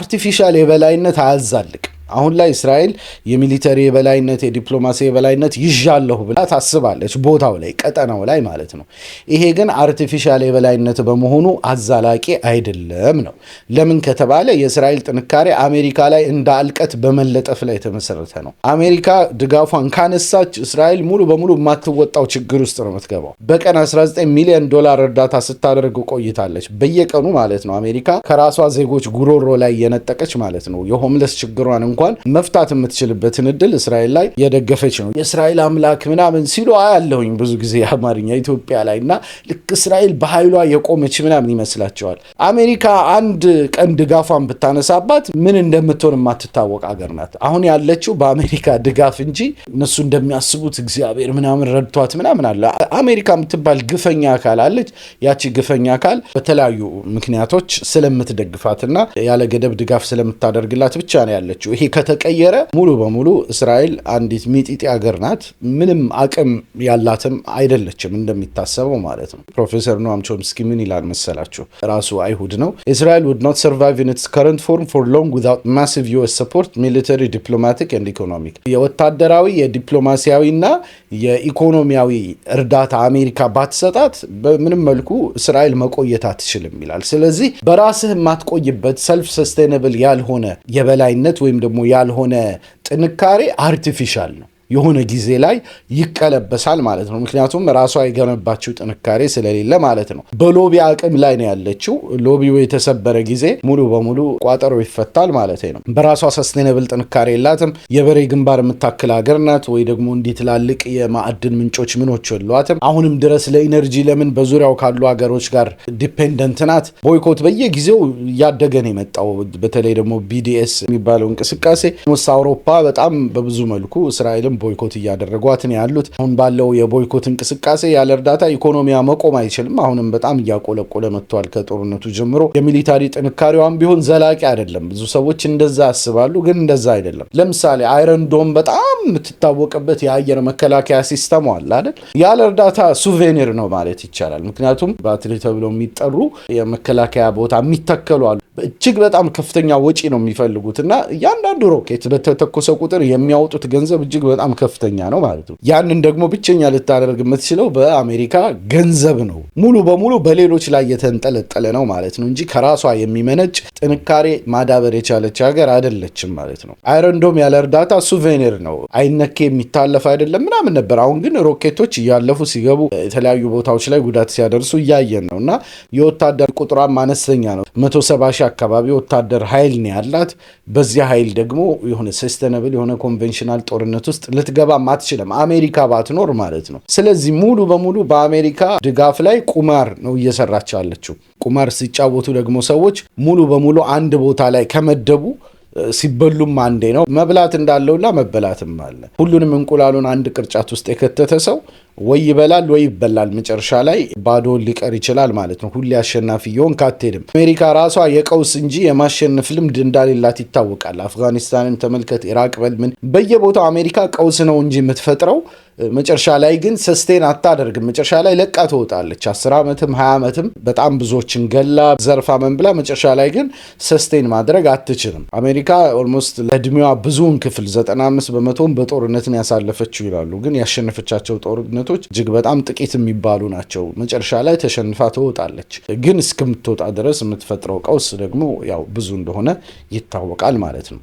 አርቲፊሻል የበላይነት አያዛልቅ አሁን ላይ እስራኤል የሚሊተሪ የበላይነት የዲፕሎማሲ የበላይነት ይዣለሁ ብላ ታስባለች፣ ቦታው ላይ ቀጠናው ላይ ማለት ነው። ይሄ ግን አርቲፊሻል የበላይነት በመሆኑ አዛላቂ አይደለም ነው። ለምን ከተባለ የእስራኤል ጥንካሬ አሜሪካ ላይ እንደ አልቀት በመለጠፍ ላይ የተመሰረተ ነው። አሜሪካ ድጋፏን ካነሳች እስራኤል ሙሉ በሙሉ የማትወጣው ችግር ውስጥ ነው የምትገባው። በቀን 19 ሚሊዮን ዶላር እርዳታ ስታደርግ ቆይታለች፣ በየቀኑ ማለት ነው። አሜሪካ ከራሷ ዜጎች ጉሮሮ ላይ የነጠቀች ማለት ነው። የሆምለስ ችግሯን እንኳን መፍታት የምትችልበትን እድል እስራኤል ላይ የደገፈች ነው። የእስራኤል አምላክ ምናምን ሲሉ አያለሁኝ ብዙ ጊዜ አማርኛ ኢትዮጵያ ላይ እና ልክ እስራኤል በኃይሏ የቆመች ምናምን ይመስላቸዋል። አሜሪካ አንድ ቀን ድጋፏን ብታነሳባት ምን እንደምትሆን የማትታወቅ ሀገር ናት። አሁን ያለችው በአሜሪካ ድጋፍ እንጂ እነሱ እንደሚያስቡት እግዚአብሔር ምናምን ረድቷት ምናምን አለ። አሜሪካ የምትባል ግፈኛ አካል አለች። ያቺ ግፈኛ አካል በተለያዩ ምክንያቶች ስለምትደግፋትና ያለ ገደብ ድጋፍ ስለምታደርግላት ብቻ ነው ያለችው። ይሄ ከተቀየረ ሙሉ በሙሉ እስራኤል አንዲት ሚጢጢ ሀገር ናት። ምንም አቅም ያላትም አይደለችም እንደሚታሰበው ማለት ነው። ፕሮፌሰር ኖም ቾምስኪ ምን ይላል መሰላችሁ? ራሱ አይሁድ ነው። እስራኤል ውድ ኖት ሰርቫይቭ ኢን ኢትስ ከረንት ፎርም ፎር ሎንግ ዊዛውት ማሲቭ ዩኤስ ሰፖርት ሚሊተሪ፣ ዲፕሎማቲክ ኤንድ ኢኮኖሚክ። የወታደራዊ የዲፕሎማሲያዊና የኢኮኖሚያዊ እርዳታ አሜሪካ ባትሰጣት በምንም መልኩ እስራኤል መቆየት አትችልም ይላል። ስለዚህ በራስህ የማትቆይበት ሰልፍ ሰስቴነብል ያልሆነ የበላይነት ወይም ደግሞ ያልሆነ ጥንካሬ አርቲፊሻል ነው። የሆነ ጊዜ ላይ ይቀለበሳል ማለት ነው። ምክንያቱም ራሷ የገነባችው ጥንካሬ ስለሌለ ማለት ነው። በሎቢ አቅም ላይ ነው ያለችው። ሎቢው የተሰበረ ጊዜ ሙሉ በሙሉ ቋጠሮ ይፈታል ማለት ነው። በራሷ ሰስቴነብል ጥንካሬ የላትም። የበሬ ግንባር የምታክል ሀገር ናት፣ ወይ ደግሞ እንዲህ ትላልቅ የማዕድን ምንጮች ምኖች የሏትም። አሁንም ድረስ ለኢነርጂ ለምን በዙሪያው ካሉ ሀገሮች ጋር ዲፔንደንት ናት። ቦይኮት በየጊዜው እያደገ ነው የመጣው። በተለይ ደግሞ ቢዲኤስ የሚባለው እንቅስቃሴ ስ አውሮፓ በጣም በብዙ መልኩ እስራኤልም ቦይኮት እያደረጓት ነው ያሉት። አሁን ባለው የቦይኮት እንቅስቃሴ ያለ እርዳታ ኢኮኖሚያ መቆም አይችልም። አሁንም በጣም እያቆለቆለ መጥቷል። ከጦርነቱ ጀምሮ የሚሊታሪ ጥንካሬዋም ቢሆን ዘላቂ አይደለም። ብዙ ሰዎች እንደዛ ያስባሉ፣ ግን እንደዛ አይደለም። ለምሳሌ አይረንዶም በጣም የምትታወቅበት የአየር መከላከያ ሲስተም አለ አይደል? ያለ እርዳታ ሱቬኒር ነው ማለት ይቻላል። ምክንያቱም ባትሪ ተብለው የሚጠሩ የመከላከያ ቦታ የሚተከሉ አሉ እጅግ በጣም ከፍተኛ ወጪ ነው የሚፈልጉት እና እያንዳንዱ ሮኬት በተተኮሰ ቁጥር የሚያወጡት ገንዘብ እጅግ በጣም ከፍተኛ ነው ማለት ነው። ያንን ደግሞ ብቸኛ ልታደርግ የምትችለው በአሜሪካ ገንዘብ ነው። ሙሉ በሙሉ በሌሎች ላይ የተንጠለጠለ ነው ማለት ነው እንጂ ከራሷ የሚመነጭ ጥንካሬ ማዳበር የቻለች ሀገር አይደለችም ማለት ነው። አይረንዶም ያለ እርዳታ ሱቬኒር ነው፣ አይነኬ የሚታለፍ አይደለም ምናምን ነበር። አሁን ግን ሮኬቶች እያለፉ ሲገቡ የተለያዩ ቦታዎች ላይ ጉዳት ሲያደርሱ እያየን ነው እና የወታደር ቁጥሯም አነስተኛ ነው መቶ ሰባ ሺህ አካባቢ ወታደር ኃይል ነው ያላት። በዚያ ኃይል ደግሞ የሆነ ሰስተነብል የሆነ ኮንቬንሽናል ጦርነት ውስጥ ልትገባም አትችልም አሜሪካ ባትኖር ማለት ነው። ስለዚህ ሙሉ በሙሉ በአሜሪካ ድጋፍ ላይ ቁማር ነው እየሰራች ያለችው። ቁማር ሲጫወቱ ደግሞ ሰዎች ሙሉ በሙሉ አንድ ቦታ ላይ ከመደቡ ሲበሉም አንዴ ነው መብላት እንዳለውላ መበላትም አለ። ሁሉንም እንቁላሉን አንድ ቅርጫት ውስጥ የከተተ ሰው ወይ ይበላል ወይ ይበላል። መጨረሻ ላይ ባዶ ሊቀር ይችላል ማለት ነው። ሁሌ አሸናፊ የሆን ካትሄድም። አሜሪካ ራሷ የቀውስ እንጂ የማሸነፍ ልምድ እንዳሌላት ይታወቃል። አፍጋኒስታንን ተመልከት፣ ኢራቅ በል ምን፣ በየቦታው አሜሪካ ቀውስ ነው እንጂ የምትፈጥረው መጨረሻ ላይ ግን ሰስቴን አታደርግም። መጨረሻ ላይ ለቃ ትወጣለች። አስር ዓመትም ሀያ ዓመትም በጣም ብዙዎችን ገላ ዘርፋ መንብላ መጨረሻ ላይ ግን ሰስቴን ማድረግ አትችልም። አሜሪካ ኦልሞስት ለእድሜዋ ብዙውን ክፍል 95 በመቶውን በጦርነትን ያሳለፈችው ይላሉ። ግን ያሸነፈቻቸው ጦርነት አይነቶች እጅግ በጣም ጥቂት የሚባሉ ናቸው። መጨረሻ ላይ ተሸንፋ ትወጣለች። ግን እስከምትወጣ ድረስ የምትፈጥረው ቀውስ ደግሞ ያው ብዙ እንደሆነ ይታወቃል ማለት ነው።